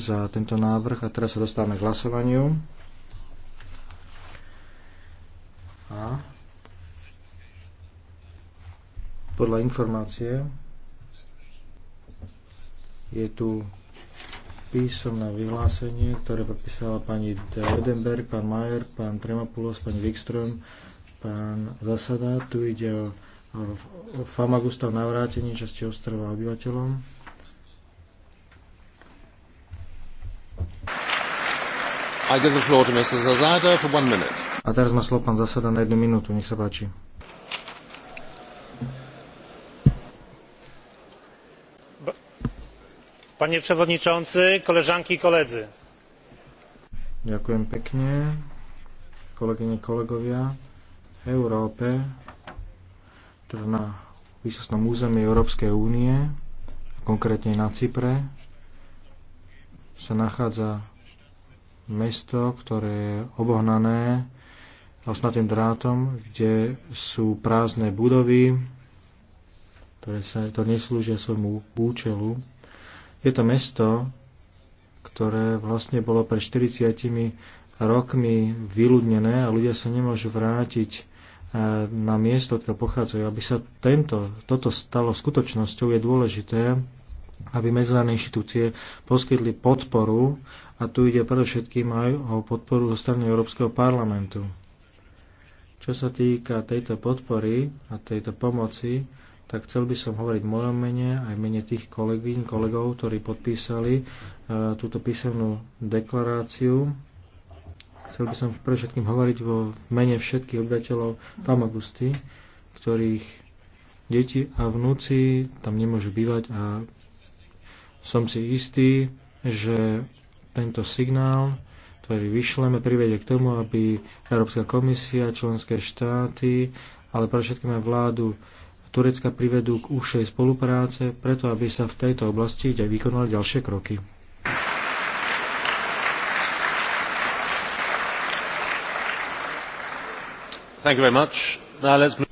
za tento návrh a teraz sa dostávame k hlasovaniu. A podľa informácie je tu písomné vyhlásenie, ktoré podpísala pani Wedenberg, pán Majer, pán Tremopulos, pani Wikström, pán Zasada. Tu ide o, o, o Famagusta v navrátení časti ostrova obyvateľom. A teraz má slovo pán Zasada na jednu minútu, nech sa páči. Panie przewodniczący, koleżanki i koledzy. kolegovia. Európe, teda na výsostnom území Európskej únie, konkrétne na Cypre, sa nachádza mesto, ktoré je obohnané osnatým drátom, kde sú prázdne budovy, ktoré sa to neslúžia svojmu účelu. Je to mesto, ktoré vlastne bolo pred 40 rokmi vyľudnené a ľudia sa nemôžu vrátiť eh, na miesto, odkiaľ pochádzajú. Aby sa tento, toto stalo skutočnosťou, je dôležité, aby medzinárodné inštitúcie poskytli podporu a tu ide predovšetkým aj o podporu zo strany Európskeho parlamentu. Čo sa týka tejto podpory a tejto pomoci, tak chcel by som hovoriť v mojom mene aj mene tých kolegyň, kolegov, ktorí podpísali e, túto písomnú deklaráciu. Chcel by som pre všetkým hovoriť vo mene všetkých obyvateľov Famagusty, ktorých deti a vnúci tam nemôžu bývať a som si istý, že tento signál, ktorý vyšleme, privedie k tomu, aby Európska komisia, členské štáty, ale pre všetkým aj vládu Turecka privedú k užšej spolupráce, preto aby sa v tejto oblasti aj vykonali ďalšie kroky. Thank you very much. Now let's...